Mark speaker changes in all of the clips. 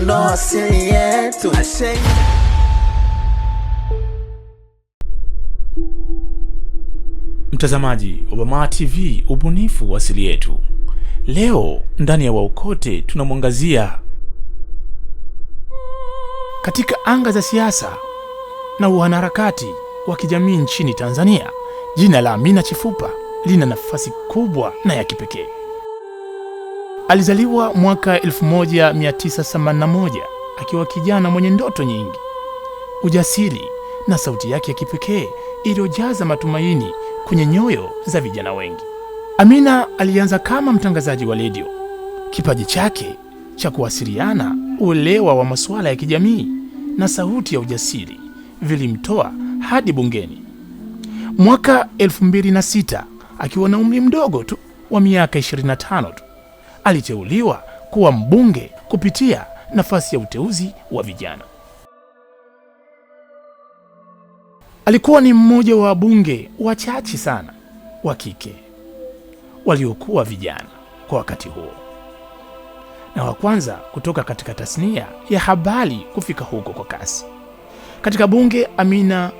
Speaker 1: kuondoa asili yetu. Mtazamaji wa TV, ubunifu wa asili yetu. Leo ndani ya Waokote tunamwangazia katika anga za siasa na uanaharakati wa kijamii nchini Tanzania. Jina la Amina Chifupa lina nafasi kubwa na ya kipekee. Alizaliwa mwaka 1981 akiwa kijana mwenye ndoto nyingi, ujasiri na sauti yake ya kipekee iliyojaza matumaini kwenye nyoyo za vijana wengi. Amina alianza kama mtangazaji wa redio. Kipaji chake cha kuwasiliana, uelewa wa masuala ya kijamii na sauti ya ujasiri vilimtoa hadi bungeni. Mwaka 2006 akiwa na umri mdogo tu wa miaka 25 tu aliteuliwa kuwa mbunge kupitia nafasi ya uteuzi wa vijana. Alikuwa ni mmoja wa wabunge wachache sana wa kike waliokuwa vijana kwa wakati huo, na wa kwanza kutoka katika tasnia ya habari kufika huko kwa kasi. Katika bunge, Amina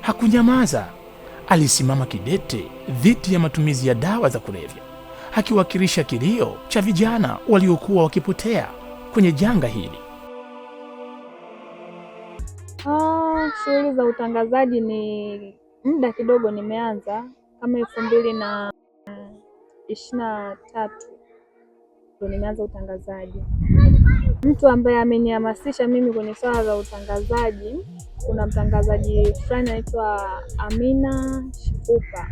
Speaker 1: hakunyamaza, alisimama kidete dhidi ya matumizi ya dawa za kulevya hakiwakilisha kilio cha vijana waliokuwa wakipotea kwenye janga hili.
Speaker 2: Ah, shughuli za utangazaji ni muda kidogo, nimeanza kama elfu mbili na ishirini na tatu ndo nimeanza utangazaji. Mtu ambaye amenihamasisha mimi kwenye swala za utangazaji, kuna mtangazaji fulani anaitwa Amina Shikupa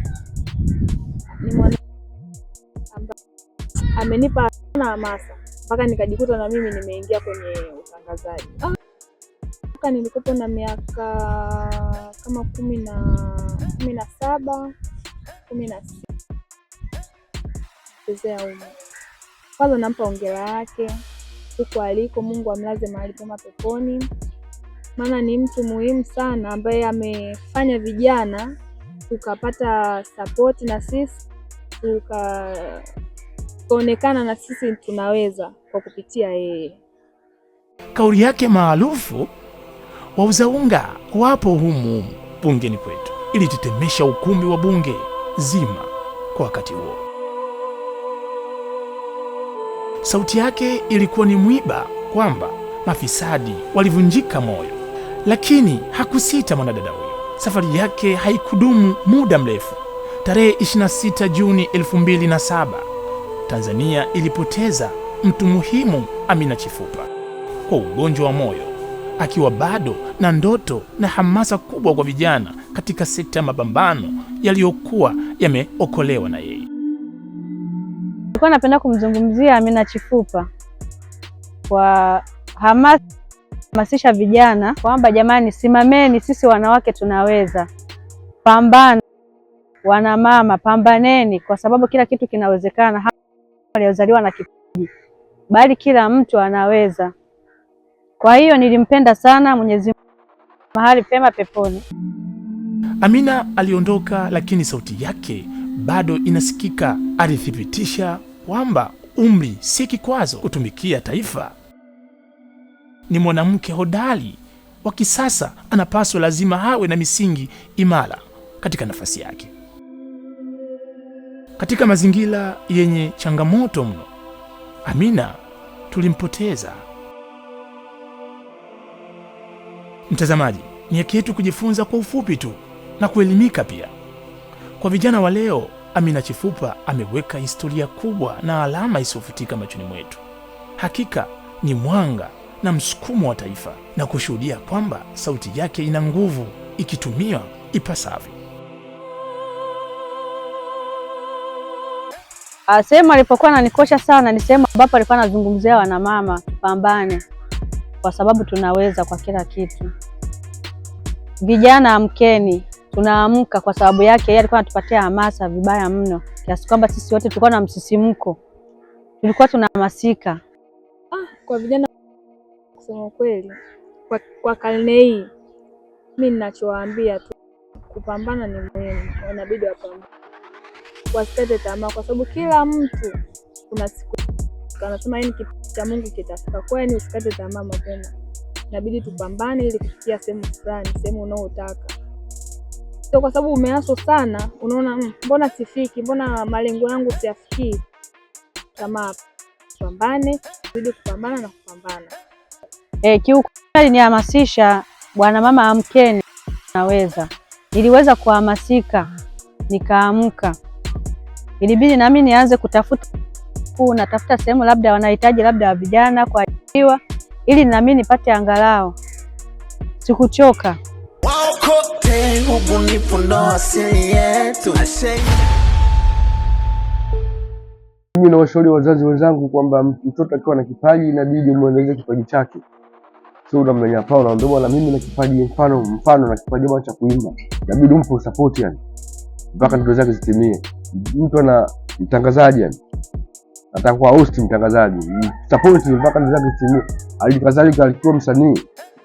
Speaker 2: amenipa na hamasa mpaka nikajikuta na mimi nimeingia kwenye utangazaji. Ah, nilikuwa na miaka kama kumi na kumi na saba kumi na sita Kwanza nampa ongera yake huko aliko, Mungu amlaze mahali pema peponi, maana ni mtu muhimu sana ambaye amefanya vijana tukapata sapoti na sisi tuka tukaonekana na sisi tunaweza kwa kupitia yeye.
Speaker 1: Kauli yake maarufu wauza unga wapo humu bungeni kwetu, ili tetemesha ukumbi wa bunge zima kwa wakati huo. Sauti yake ilikuwa ni mwiba kwamba mafisadi walivunjika moyo, lakini hakusita mwanadada huyo. Safari yake haikudumu muda mrefu. Tarehe 26 Juni 2007 Tanzania ilipoteza mtu muhimu, Amina Chifupa, kwa ugonjwa wa moyo, akiwa bado na ndoto na hamasa kubwa kwa vijana katika sekta ya mapambano yaliyokuwa yameokolewa na yeye.
Speaker 2: Nilikuwa napenda kumzungumzia Amina Chifupa kwa hamasa hamasisha vijana kwamba jamani, simameni, sisi wanawake tunaweza. Pambana wanamama, pambaneni, kwa sababu kila kitu kinawezekana aliyozaliwa na kipaji, bali kila mtu anaweza. Kwa hiyo nilimpenda sana Mwenyezi Mungu, mahali pema peponi.
Speaker 1: Amina aliondoka, lakini sauti yake bado inasikika. Alithibitisha kwamba umri si kikwazo kutumikia taifa. Ni mwanamke hodari wa kisasa, anapaswa lazima awe na misingi imara katika nafasi yake katika mazingira yenye changamoto mno. Amina tulimpoteza. Mtazamaji, ni haki yetu kujifunza kwa ufupi tu na kuelimika pia. Kwa vijana wa leo, Amina Chifupa ameweka historia kubwa na alama isiyofutika machoni mwetu. Hakika ni mwanga na msukumo wa taifa, na kushuhudia kwamba sauti yake ina nguvu ikitumia ipasavyo.
Speaker 2: Ah, sehemu alipokuwa ananikosha sana ni sehemu ambapo alikuwa anazungumzia wanamama, tupambane kwa sababu tunaweza kwa kila kitu. Vijana amkeni, tunaamka kwa sababu yake. Yeye alikuwa anatupatia hamasa vibaya mno, kiasi kwamba sisi wote tulikuwa na msisimko, tulikuwa tunahamasika. Ah, kwa vijana kusema kweli, kwa, kwa karne hii mi ninachowaambia tu kupambana ni muhimu, wanabidi wapambane wasikate tamaa, kwa sababu kila mtu kuna siku anasema ni kitu cha Mungu kitafika. Kwani usikate tamaa mapema, inabidi tupambane ili kufikia sehemu fulani, sehemu unaotaka. sio kwa sababu umeaso sana, unaona hmm, mbona sifiki, mbona malengo yangu siyafikii, tamaa. Pambane, zidi kupambana na kupambana. Eh, kiukweli nihamasisha bwana mama, amkeni, naweza. Niliweza kuhamasika nikaamka ilibidi nami nianze kutafuta kuu, natafuta sehemu labda wanahitaji labda wa vijana kuajiriwa, ili nami nipate angalau. Sikuchoka.
Speaker 3: Mimi na washauri wazazi wenzangu kwamba mtoto akiwa na kipaji inabidi muongeze kipaji chake, sio unamnyanyapaa, unaondoa. Na mimi na kipaji mfano mfano na kipaji cha kuimba, inabidi umpe support yani mpaka ndoto zake zitimie. Mtu ana mtangazaji yani atakuwa host mtangazaji, support mpaka ndoto zake zitimie. Alikadhalika alikuwa msanii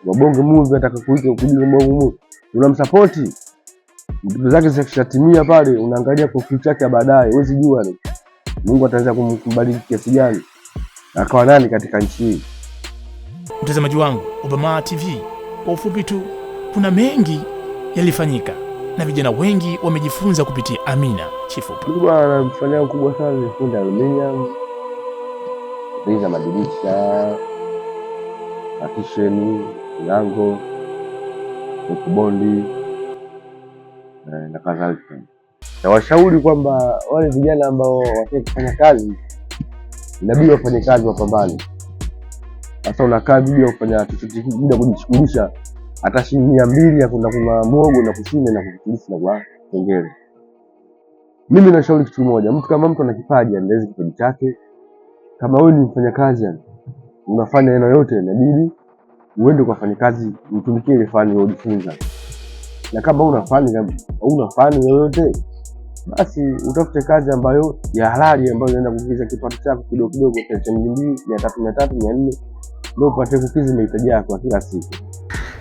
Speaker 3: wa bonge movie, atakakuita kujua bonge movie, unamsupport ndoto zake zikishatimia pale, unaangalia kwa future yake baadaye. Huwezi jua Mungu ataweza kumbariki kiasi gani akawa nani katika nchi hii.
Speaker 1: Mtazamaji wangu, Obama TV kwa ufupi tu, kuna mengi yalifanyika na vijana wengi wamejifunza kupitia Amina. Chifu
Speaker 3: kubwa anamfanyia kubwa sana nifunza aluminium, za madirisha, akisheni, milango, kubondi eh, na kadhalika, na washauri kwamba wale vijana ambao wataka kufanya kazi inabidi wafanye kazi, wapambane. Sasa unakaa bila kufanya chochote bila kujishughulisha hata shilingi mia mbili ya kwenda kuna mogo na kushinda na kukitilisi na kwa kengele. Mimi nashauri kitu kimoja, mtu kama mtu ana kipaji aendeleze kipaji chake. Kama wewe ni mfanyakazi, unafanya aina yote, inabidi uende kwa kazi, utumikie ile fani unayojifunza, na kama una fani kama una fani yoyote, basi utafute kazi ambayo ya halali, ambayo inaenda kukuza kipato chako kidogo kidogo, cha shilingi mia mbili, mia tatu, mia tatu, mia nne, ndio upate kukizi mahitaji yako kila siku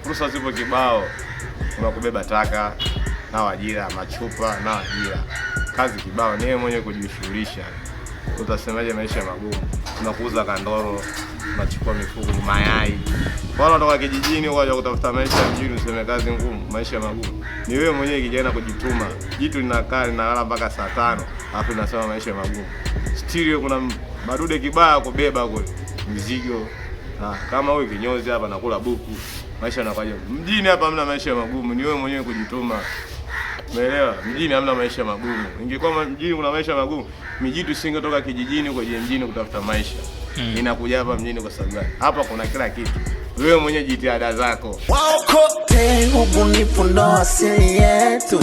Speaker 4: fursa zipo kibao, kuna kubeba taka na ajira, machupa na ajira, kazi kibao, niwe mwenye kujishughulisha. Utasemaje maisha magumu? Tunakuuza kandoro, machupa, mifugo, mayai. Bora kutoka kijijini huja kutafuta maisha mjini, useme kazi ngumu, maisha magumu. Ni wewe mwenyewe kijana kujituma. Jitu linakaa linalala mpaka saa tano, alafu linasema maisha magumu. Stereo kuna madude kibaya kubeba kule mzigo. Ah, kama wewe kinyozi hapa nakula buku maisha yanakuwaje mjini hapa, hamna maisha magumu, ni wewe mwenyewe kujituma. Umeelewa? Mjini hamna maisha magumu. Ingekuwa mjini kuna maisha magumu, mijitu isingetoka kijijini kwa mjini kutafuta maisha mm. Inakuja hapa mjini kwa sababu hapa kuna kila kitu, wewe mwenyewe jitihada zako ubunifu ndo asili yetu.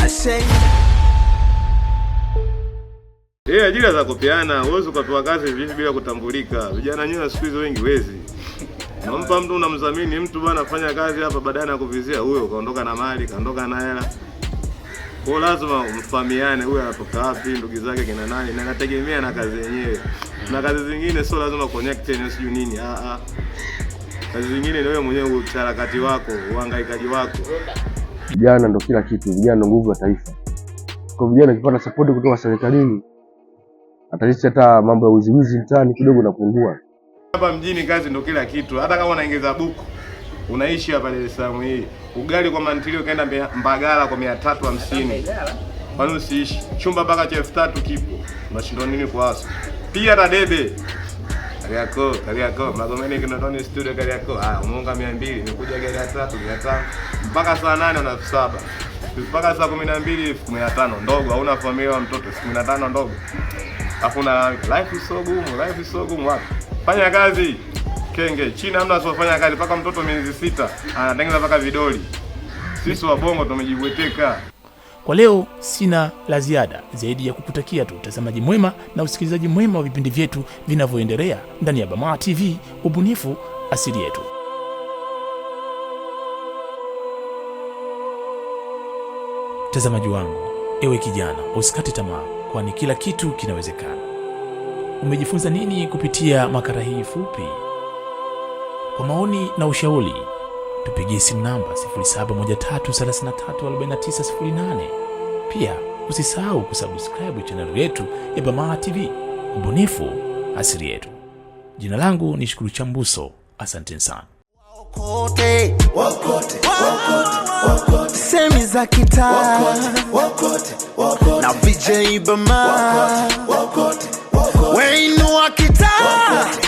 Speaker 5: Ajira za kupeana, uwezo kwa kazi vipi bila kutambulika. Vijana wenyewe siku hizo wengi wezi Unampa mtu unamdhamini mtu bwana, fanya kazi hapa, baadaye anakuvizia huyo, kaondoka na mali, kaondoka na hela. Kwa lazima mfahamiane, huyo anatoka wapi, ndugu zake kina nani, na nategemea na kazi yenyewe. Na kazi zingine sio lazima connect na sijui nini. Ah ah. Kazi zingine ni wewe mwenyewe utarakati wako, uhangaikaji wako.
Speaker 3: Vijana ndio kila kitu, vijana ndio nguvu ya taifa. Kwa vijana kipata support kutoka serikalini, hata sisi hata mambo ya wiziwizi mtaani kidogo na kuungua
Speaker 5: hapa mjini kazi ndo kila kitu. Hata kama unaingiza buku unaishi hapa Dar es Salaam hii. Ugali kwa mantilio kaenda Mbagala kwa 350. Kwani usiishi? Chumba mpaka cha 3000 kipo. Unashindwa nini kwa hasa? Pia na debe. Kariako, Kariako, Magomeni Kinondoni studio Kariako. Ah, umeunga 200, nimekuja gari ya 3, ya Mpaka saa 8 na 7. Mpaka saa 12 15 ndogo, hauna familia wa mtoto 15 ndogo. Hakuna life is so gumu, life is so gumu wapi? fanya kazi kenge. China hamna asiofanya kazi, mpaka mtoto miezi sita anatengeneza mpaka vidoli. Sisi wabongo tumejiweteka.
Speaker 1: Kwa leo sina la ziada zaidi ya kukutakia tu utazamaji mwema na usikilizaji mwema wa vipindi vyetu vinavyoendelea ndani ya Bamaa TV. Ubunifu asili yetu. Mtazamaji wangu, ewe kijana, usikate tamaa, kwani kila kitu kinawezekana umejifunza nini kupitia makala hii fupi? Kwa maoni na ushauri tupigie simu namba 0713334908. Pia usisahau kusubscribe chaneli yetu ya Bamaa TV. Ubunifu asili yetu. Jina langu ni Shukuru Chambuso, asanteni sana. Wakote, wakote, wakote, wakote. Semi za kitaa na wakote, wakote. We ain't no I